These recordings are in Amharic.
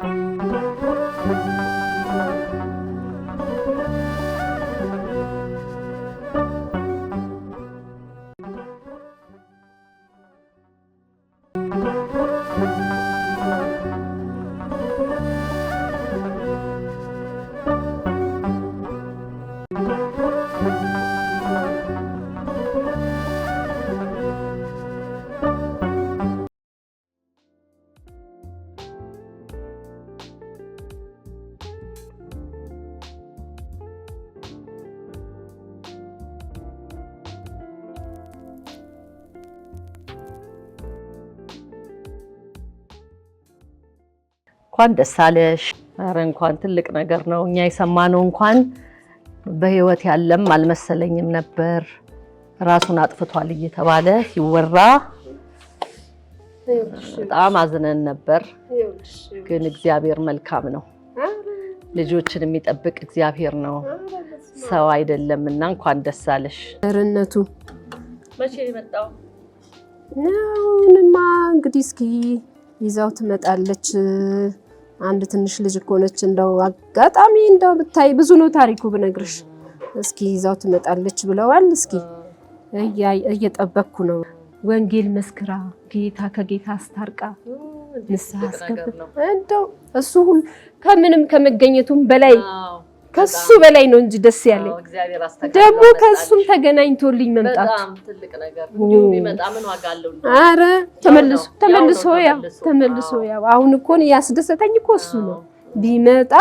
Thank you. እንኳን ደስ አለሽ። ኧረ እንኳን ትልቅ ነገር ነው። እኛ የሰማነው እንኳን በህይወት ያለም አልመሰለኝም ነበር ራሱን አጥፍቷል እየተባለ ሲወራ በጣም አዝነን ነበር። ግን እግዚአብሔር መልካም ነው። ልጆችን የሚጠብቅ እግዚአብሔር ነው፣ ሰው አይደለም። እና እንኳን ደስ አለሽ። ርነቱ መቼ የመጣው ነው? እንግዲህ እስኪ ይዛው ትመጣለች አንድ ትንሽ ልጅ እኮ ነች። እንደው አጋጣሚ እንደው ብታይ ብዙ ነው ታሪኩ ብነግርሽ። እስኪ ይዛው ትመጣለች ብለዋል። እስኪ እየጠበቅኩ ነው። ወንጌል መስክራ ጌታ ከጌታ አስታርቃ ንስሐ አስገብታ እንደው እሱ ከምንም ከመገኘቱም በላይ ከሱ በላይ ነው እንጂ ደስ ያለኝ ደግሞ ከሱም ተገናኝቶልኝ መምጣት አረ ተመልሶ ተመልሶ ያው ተመልሶ ያው አሁን እኮ ያስደሰተኝ እኮ እሱ ነው። ቢመጣ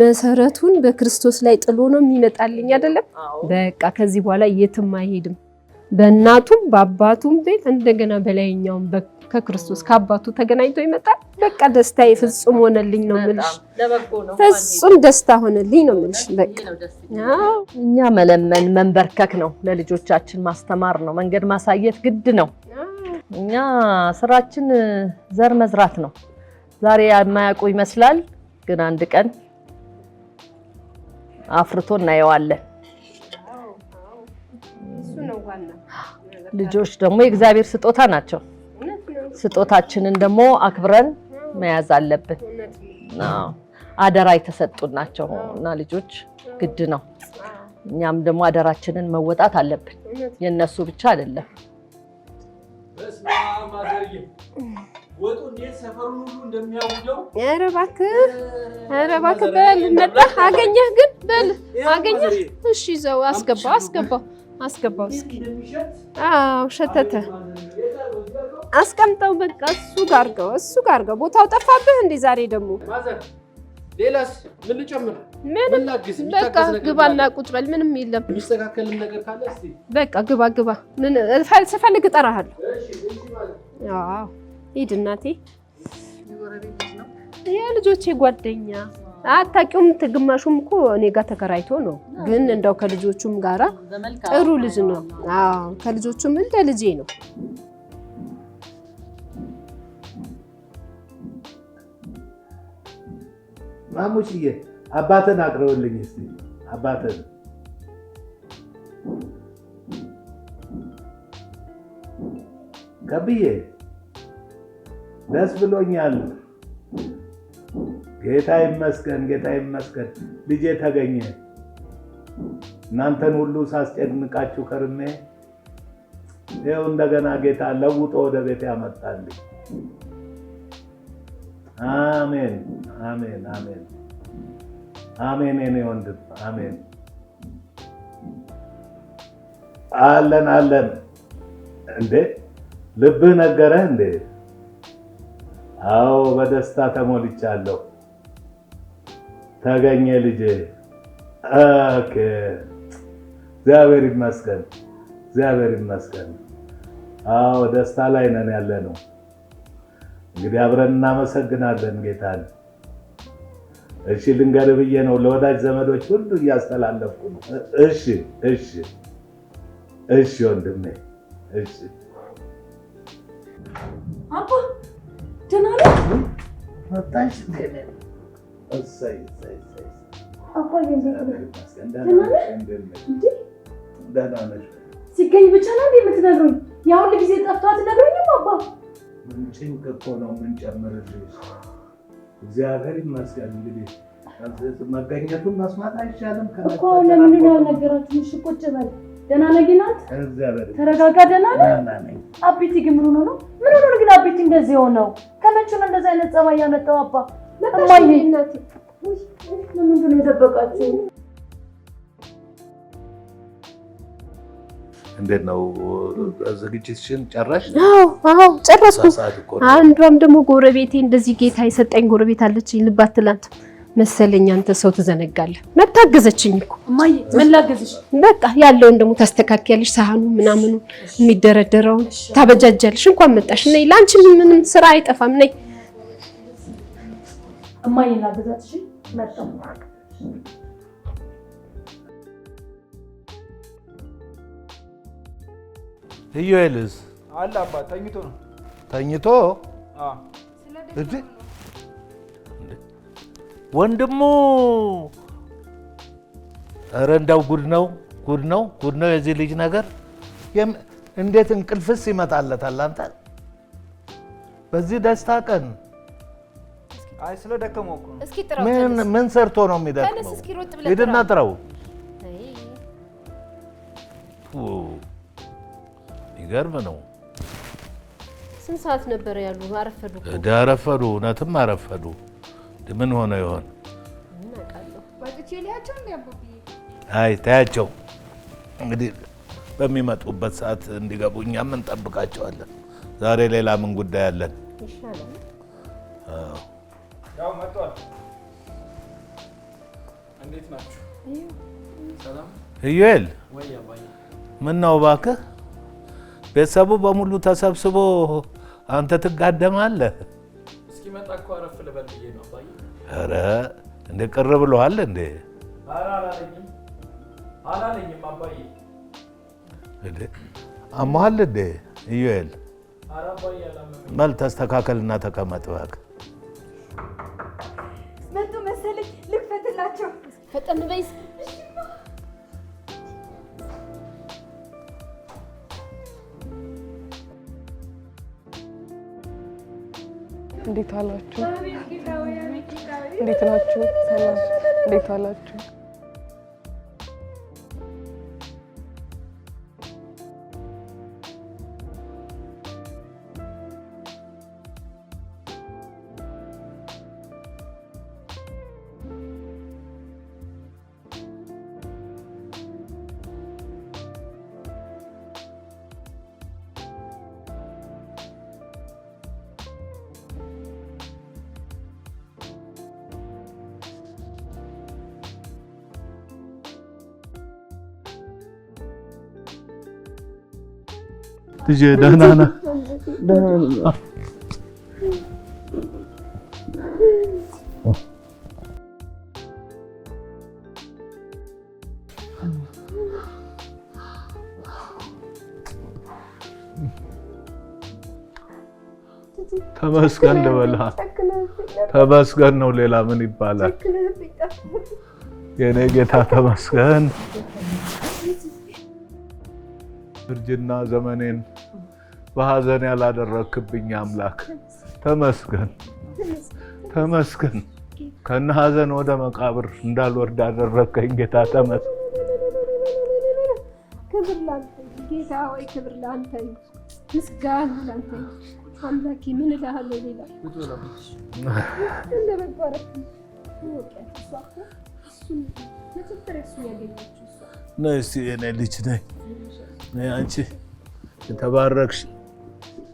መሰረቱን በክርስቶስ ላይ ጥሎ ነው የሚመጣልኝ አይደለም። በቃ ከዚህ በኋላ የትም አይሄድም። በእናቱም በአባቱም ቤት እንደገና በላይኛውም ከክርስቶስ ከአባቱ ተገናኝቶ ይመጣል። በቃ ደስታዬ ፍጹም ሆነልኝ ነው የምልሽ። ፍጹም ደስታ ሆነልኝ ነው የምልሽ። በቃ እኛ መለመን መንበርከክ ነው፣ ለልጆቻችን ማስተማር ነው፣ መንገድ ማሳየት ግድ ነው። እኛ ስራችን ዘር መዝራት ነው። ዛሬ የማያውቁ ይመስላል፣ ግን አንድ ቀን አፍርቶ እናየዋለን። ልጆች ደግሞ የእግዚአብሔር ስጦታ ናቸው። ስጦታችንን ደግሞ አክብረን መያዝ አለብን። አደራ የተሰጡን ናቸው እና ልጆች ግድ ነው። እኛም ደግሞ አደራችንን መወጣት አለብን። የእነሱ ብቻ አይደለም። ኧረ እባክህ ኧረ እባክህ በል መጣ አገኘህ ግን በል አገኘህ። እሺ ይዘው አስገባው አስገባው አስገባው እስኪ። አዎ ሸተተ። አስቀምጠው በቃ እሱ ጋር አድርገው፣ እሱ ጋር አድርገው። ቦታው ጠፋብህ እንዴ ዛሬ ደግሞ? ሌላስ ምን ልጨምር? ምንም በቃ ግባና ቁጭ በል። ምንም የለም። የሚስተካከልም ነገር ካለ እስቲ በቃ ግባ ግባ። ምን ስፈልግ እጠራሃለሁ። አዎ ሂድ እናቴ። የልጆቼ ጓደኛ አታውቂውም። ግማሹም እኮ እኔ ጋር ተከራይቶ ነው። ግን እንደው ከልጆቹም ጋራ ጥሩ ልጅ ነው። አዎ ከልጆቹም እንደ ልጄ ነው። ማሙሽዬ አባተን አቅርብልኝ እስኪ አባተን ከብዬ ደስ ብሎኛል። ጌታ ይመስገን፣ ጌታ ይመስገን ልጄ ተገኘ። እናንተን ሁሉ ሳስጨንቃችሁ ከርሜ ይኸው እንደገና ጌታ ለውጦ ወደ ቤት ያመጣል አሜን፣ አሜን፣ አሜን፣ አሜን። የኔ ወንድም አሜን። አለን አለን። እንዴ ልብህ ነገረህ እንዴ? አዎ፣ በደስታ ተሞልቻለሁ። ታገኘ ልጅ እግዚአብሔር ይመስገን፣ እግዚአብሔር ይመስገን። አዎ ደስታ ላይ ነን ያለ ነው። እንግዲህ አብረን እናመሰግናለን ጌታን። እሺ ልንገር ብዬ ነው ለወዳጅ ዘመዶች ሁሉ እያስተላለፍኩ ነው። እሺ እሺ እሺ ወንድሜ እሺ። አባ ደህና ነህ? መጣሽ ሲገኝ ብቻ ነው የምትነግሩኝ? የአሁን ጊዜ ጠፍቶ አትነግረኝም? አባ ምንጭን እኮ ነው የምንጨምርልሽ። እግዚአብሔር ይመስገን። እንግዲህ መገኘቱን መስማት አይቻልም እኮ። ለምንድን ያልነገራችሁ? እሺ ቁጭ በል። ደህና ነህ ግን ተረጋጋ። ደህና ነህ? አቤቴ ግን ምን ሆኖ ነው? ምን ሆኖ ነው ግን አቤቴ እንደዚህ የሆነው? ከመቼ ነው እንደዚህ አይነት ጸባይ ያመጣው አባ? እማዬ ነው የደበቃችሁ? እንዴት ነው ዝግጅትሽን ጨረሽ? አዎ ጨረስኩ። አንዷም ደግሞ ጎረቤቴ እንደዚህ ጌታ የሰጠኝ ጎረቤት አለች ልባት ትላንት መሰለኝ አንተ ሰው ትዘነጋለህ። መታገዘችኝ እኮ እማዬ። ምን ላገዝሽ? በቃ ያለውን ደግሞ ታስተካክያለሽ፣ ሳህኑ ምናምኑ የሚደረደረውን ታበጃጃለሽ። እንኳን መጣሽ ነይ። ለአንቺ ምንም ስራ አይጠፋም ነይ እማዬን አገዛት። እሺ መጣሁ። ኢዩኤልስ አለ አባ ተኝቶ ነው ተኝቶ ወንድሙ እረ እንዳው ጉድ ነው ጉድ ነው ጉድ ነው የዚህ ልጅ ነገር እንዴት እንቅልፍስ ይመጣለታል አንተ በዚህ ደስታ ቀን አይ ስለደከመው እኮ እስኪ ጥራው። ምን ምን ሰርቶ ነው የሚደክመው? እስኪ ሮጥ ብለህ ሂድና ጥራው። ይገርም ነው። ስንት ሰዓት ነበር ያሉ? አረፈዱ እኮ አረፈዱ። እውነትም አረፈዱ። ምን ሆነ ይሆን? አይ ታያቸው እንግዲህ በሚመጡበት ሰዓት እንዲገቡ እኛም እንጠብቃቸዋለን። ዛሬ ሌላ ምን ጉዳይ አለን? ያው መጥቷል። እንዴት ናችሁ? እባክህ ቤተሰቡ በሙሉ ተሰብስቦ አንተ ትጋደማለህ? እስኪመጣ እኮ አረፍ ልበል ብዬ ነው። ኧረ እንደ ቅር ብሎሃል እንዴ? አላለኝም አባዬ። አሞሃል እንዴ? እዩኤል በል ተስተካከልና ተቀመጥ እባክህ መቶ መሰለኝ። ልክፈትላቸው። ፈጠን በይ እንዴት አላችሁ? እንዴት ናችሁ? እንዴት አላችሁ? ልጄ ደህና ነህ? ተመስገን ልበልህ። ተመስገን ነው፣ ሌላ ምን ይባላል? የኔ ጌታ ተመስገን። እርጅና ዘመኔን በሐዘን ያላደረክብኝ አምላክ ተመስገን፣ ተመስገን። ከነ ሐዘን ወደ መቃብር እንዳልወርድ አደረከኝ ጌታ ተመስ ክብር ላንተ ጌታ ወይ ክብር ላንተ ምስጋና ላንተ ምን እልሃለሁ ሌላ ነይ እስኪ ልጅ ነይ አንቺ የተባረክሽ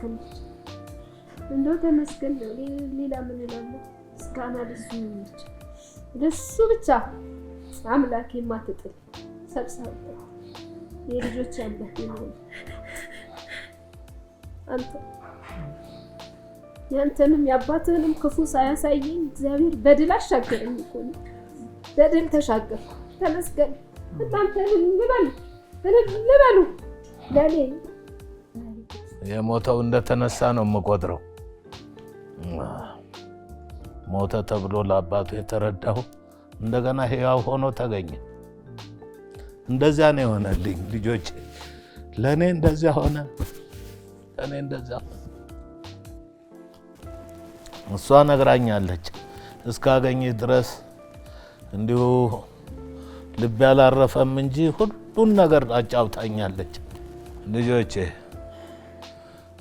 ተመስገን እንደው ተመስገን ነው። ሌላ ምን እላለሁ? ምስጋና ለሱ ይሁንልሽ፣ ለሱ ብቻ አምላክ የማትጥል ሰብሳቢ የልጆች ያለህ አንተ ያንተንም የአባትህንም ክፉ ሳያሳየኝ እግዚአብሔር በድል አሻገረኝ እኮ ነው። በድል ተሻገርኩ። ተመስገን። እናንተንም ልበሉ፣ ልበሉ ለእኔ የሞተው እንደተነሳ ነው የምቆጥረው። ሞተ ተብሎ ለአባቱ የተረዳው እንደገና ሕያው ሆኖ ተገኘ። እንደዚያ ነው የሆነልኝ ልጆች፣ ለእኔ እንደዚያ ሆነ። ለእኔ እንደዚያ ሆነ። እሷ ነግራኛለች። እስካገኝ ድረስ እንዲሁ ልቤ አላረፈም እንጂ ሁሉን ነገር አጫውታኛለች ልጆቼ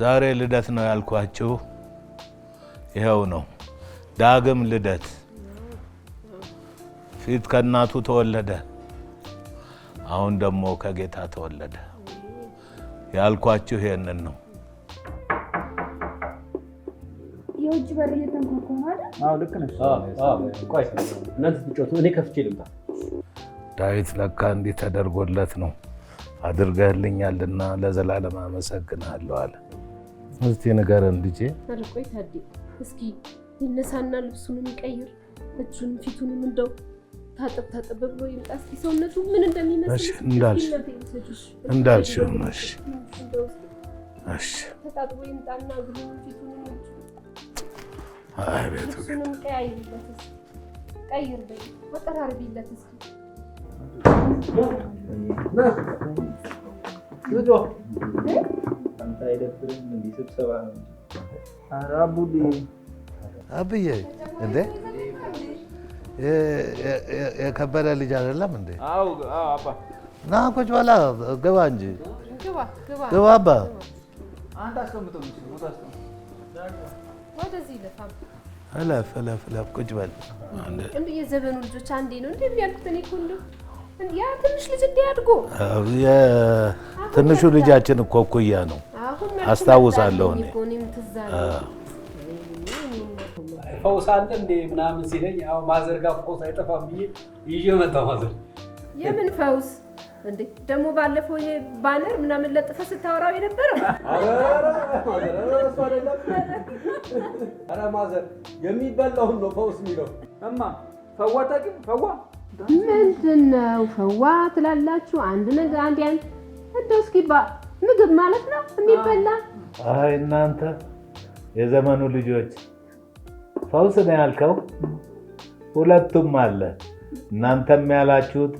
ዛሬ ልደት ነው ያልኳችሁ ይኸው ነው። ዳግም ልደት ፊት ከእናቱ ተወለደ፣ አሁን ደግሞ ከጌታ ተወለደ። ያልኳችሁ ይሄንን ነው። የውጭ በር እየተንኳኳ ዳዊት ለካ እንዲህ ተደርጎለት ነው አድርገህልኛልና ለዘላለም አመሰግንሃለሁ አለ። እስቲ ንገረን ልጄ። ኧረ ቆይ ታዴ እስኪ ይነሳና ልብሱንም ይቀይር፣ እጁንም ፊቱንም እንደው ታጠብ ታጠብ ብሎ ይምጣ። እስኪ ሰውነቱ ምን እንደሚመስል እንዳልሽ እንዳልሽ እሺ እሺ፣ ተጣጥቦ ይምጣና ፊቱንም እስኪ ቀይር በይ፣ አቀራርቢለት እስኪ አይደብርም? እንዲህ ስብሰባ ነው። ኧረ አብዬ እንዴ የከበደ ልጅ አይደለም እንዴ? ና ቁጭ በላ። ግባ እንጂ ግባ አባ። እለፍ እለፍ እለፍ። ቁጭ በል። የዘመኑ ልጆች አንዴ ነው እንደ የሚያልኩት እኔ እኮ እንደው ያ ትንሽ ልጅ ትንሹ ልጃችን እኮ እኩያ ነው አስታውሳለሁ። ፈውሳለ እንደ ምናምን ሲለኝ ያው ማዘርጋ ፈውስ አይጠፋም ብዬ ይዤ መጣሁ። ማዘር የምን ፈውስ እንዴ? ደግሞ ባለፈው ይሄ ባነር ምናምን ለጥፈ ስታወራው የነበረው ኧረ ማዘር የሚበላውን ነው ፈውስ የሚለው። እማ ፈዋ ታውቂም? ፈዋ ምንድን ነው ፈዋ ትላላችሁ? አንድ ነገር አንድ ያን እንደው እስኪ ምግብ ማለት ነው የሚበላ። አይ እናንተ የዘመኑ ልጆች ፈውስ ነው ያልከው፣ ሁለቱም አለ። እናንተም ያላችሁት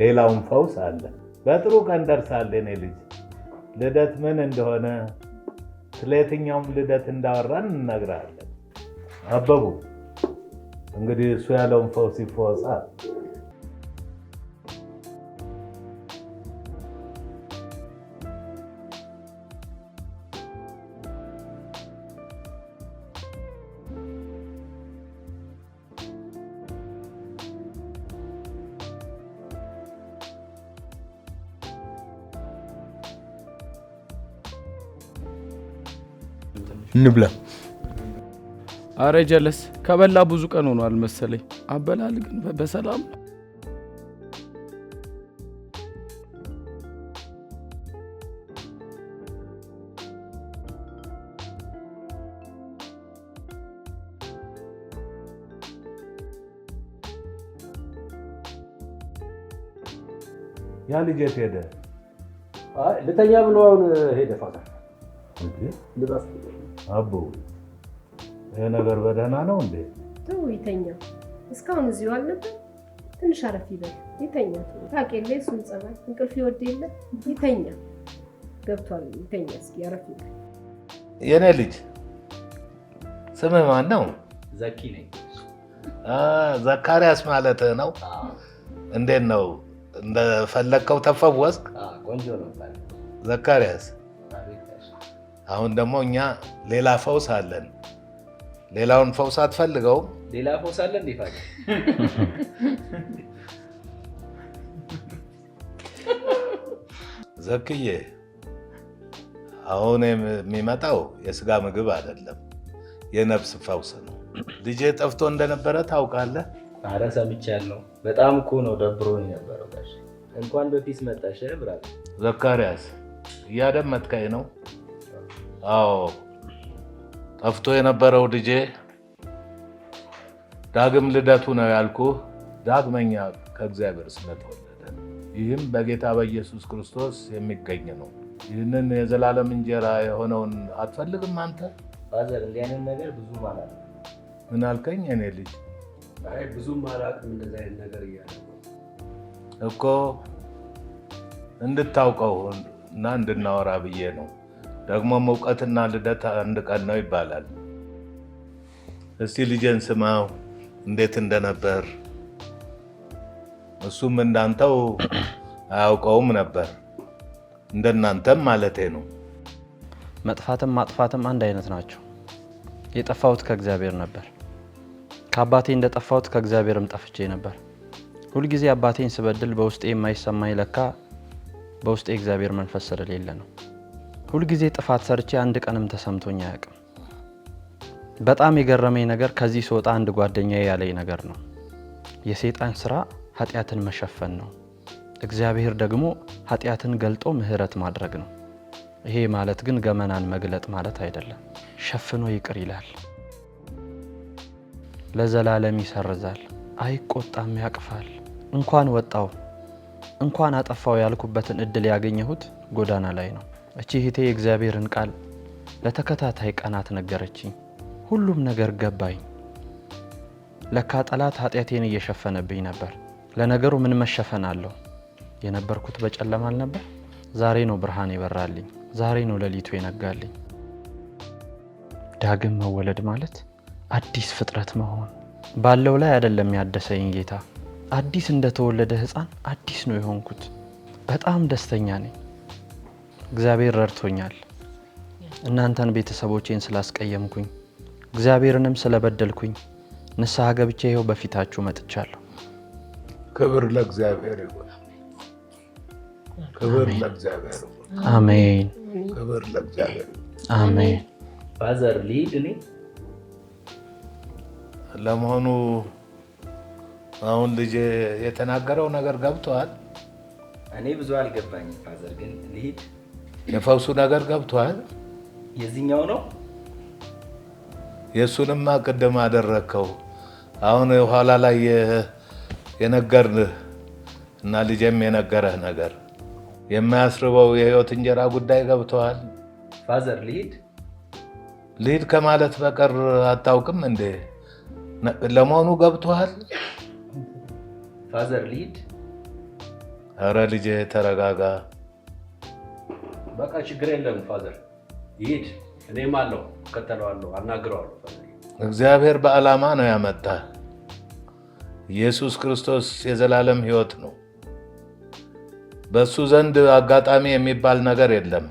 ሌላውን ፈውስ አለ። በጥሩ ቀን ደርሳለ። የኔ ልጅ። ልደት ምን እንደሆነ ስለ የትኛውም ልደት እንዳወራን እንነግራለን። አበቡ እንግዲህ እሱ ያለውን ፈውስ ይፈወሳል። እንብላ። አረ ጀለስ ከበላ ብዙ ቀን ሆኗል መሰለኝ። አበላል ግን በሰላም ያ ልጅ የት ሄደ? ልተኛ ብሎ አሁን ሄደ። ፋታ አቦ ይሄ ነገር በደህና ነው እንዴ? ተው ይተኛ። እስካሁን እዚሁ አልነበር? ትንሽ አረፍ ይበል ይተኛ። ታውቅ የለ እሱን ጸባይ፣ እንቅልፍ ይወድ የለ ይተኛ። ገብቷል፣ ይተኛ። እስኪ አረፍ ይበል የኔ ልጅ። ስምህ ማን ነው? ዘኪ ነኝ። ዘካሪያስ ማለት ነው። እንዴት ነው? እንደፈለግከው ተፈወስክ? ቆንጆ ነው ዘካሪያስ አሁን ደግሞ እኛ ሌላ ፈውስ አለን። ሌላውን ፈውስ አትፈልገውም። ሌላ ፈውስ አለ እንዴ? ዘክዬ አሁን የሚመጣው የስጋ ምግብ አይደለም፣ የነፍስ ፈውስ ነው። ልጄ ጠፍቶ እንደነበረ ታውቃለህ? ኧረ ሰምቻለሁ። በጣም እኮ ነው ደብሮ የነበረው። እንኳን በፊት መጣሽ ብራ ዘካሪያስ፣ እያደመጥከኝ ነው? አዎ ጠፍቶ የነበረው ልጄ ዳግም ልደቱ ነው ያልኩ። ዳግመኛ ከእግዚአብሔር ስለተወለደ ይህም በጌታ በኢየሱስ ክርስቶስ የሚገኝ ነው። ይህንን የዘላለም እንጀራ የሆነውን አትፈልግም አንተ? ባዘር እንዲህ አይነት ነገር ብዙ ማለት ምን አልከኝ? እኔ ልጅ ብዙ ማለት እንደዚህ አይነት ነገር እያለ እኮ እንድታውቀው እና እንድናወራ ብዬ ነው። ደግሞ እውቀትና ልደት አንድ ቀን ነው ይባላል። እስቲ ልጄን ስማው እንዴት እንደነበር። እሱም እንዳንተው አያውቀውም ነበር፣ እንደናንተም ማለቴ ነው። መጥፋትም ማጥፋትም አንድ አይነት ናቸው። የጠፋሁት ከእግዚአብሔር ነበር። ከአባቴ እንደጠፋሁት ከእግዚአብሔርም ጠፍቼ ነበር። ሁልጊዜ አባቴን ስበድል በውስጤ የማይሰማኝ ለካ በውስጤ እግዚአብሔር መንፈስ ስለሌለ ነው። ሁልጊዜ ጥፋት ሰርቼ አንድ ቀንም ተሰምቶኝ አያውቅም። በጣም የገረመኝ ነገር ከዚህ ስወጣ አንድ ጓደኛ ያለኝ ነገር ነው። የሰይጣን ስራ ኃጢአትን መሸፈን ነው፣ እግዚአብሔር ደግሞ ኃጢአትን ገልጦ ምሕረት ማድረግ ነው። ይሄ ማለት ግን ገመናን መግለጥ ማለት አይደለም። ሸፍኖ ይቅር ይላል፣ ለዘላለም ይሰርዛል፣ አይቆጣም፣ ያቅፋል። እንኳን ወጣው እንኳን አጠፋው ያልኩበትን እድል ያገኘሁት ጎዳና ላይ ነው። እቺ እህቴ የእግዚአብሔርን ቃል ለተከታታይ ቀናት ነገረችኝ። ሁሉም ነገር ገባኝ። ለካ ጠላት ኃጢአቴን እየሸፈነብኝ ነበር። ለነገሩ ምን መሸፈን አለው? የነበርኩት በጨለማ አልነበር? ዛሬ ነው ብርሃን የበራልኝ። ዛሬ ነው ሌሊቱ የነጋልኝ። ዳግም መወለድ ማለት አዲስ ፍጥረት መሆን ባለው ላይ አይደለም ያደሰኝ ጌታ። አዲስ እንደተወለደ ሕፃን አዲስ ነው የሆንኩት። በጣም ደስተኛ ነኝ። እግዚአብሔር ረድቶኛል። እናንተን ቤተሰቦቼን ስላስቀየምኩኝ እግዚአብሔርንም ስለበደልኩኝ ንስሐ ገብቼ ይኸው በፊታችሁ መጥቻለሁ። ክብር ለእግዚአብሔር ይሁን። ክብር ለእግዚአብሔር ይሁን። አሜን። ክብር ለእግዚአብሔር ይሁን። አሜን። ፋዘር ሊድ ለመሆኑ አሁን ልጅ የተናገረው ነገር ገብተዋል? እኔ ብዙ አልገባኝም ፋዘር ግን ልሂድ የፈውሱ ነገር ገብቷል። የዚህኛው ነው። የእሱንማ ቅድም አደረግከው። አሁን የኋላ ላይ የነገርንህ እና ልጄም የነገረህ ነገር የማያስርበው የህይወት እንጀራ ጉዳይ ገብተዋል። ፋዘር ልሂድ ልሂድ ከማለት በቀር አታውቅም እንዴ? ለመሆኑ ገብተዋል? ፋዘር ልሂድ። እረ ልጄ ተረጋጋ። በቃ ችግር የለም ፋዘር ይሂድ፣ እኔም አለው እከተለዋለሁ፣ አናግረዋለሁ። እግዚአብሔር በዓላማ ነው ያመጣ። ኢየሱስ ክርስቶስ የዘላለም ሕይወት ነው። በእሱ ዘንድ አጋጣሚ የሚባል ነገር የለም።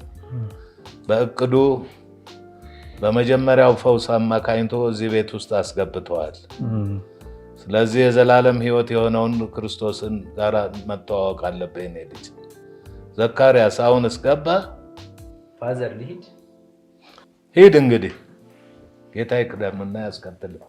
በእቅዱ በመጀመሪያው ፈውስ አማካኝቶ እዚህ ቤት ውስጥ አስገብተዋል። ስለዚህ የዘላለም ሕይወት የሆነውን ክርስቶስን ጋር መተዋወቅ አለብህ። ኔ ልጅ ዘካርያስ አሁን እስገባህ ፋዘር ልሂድ ሂድ እንግዲህ ጌታ ይቅደምና ያስከትልም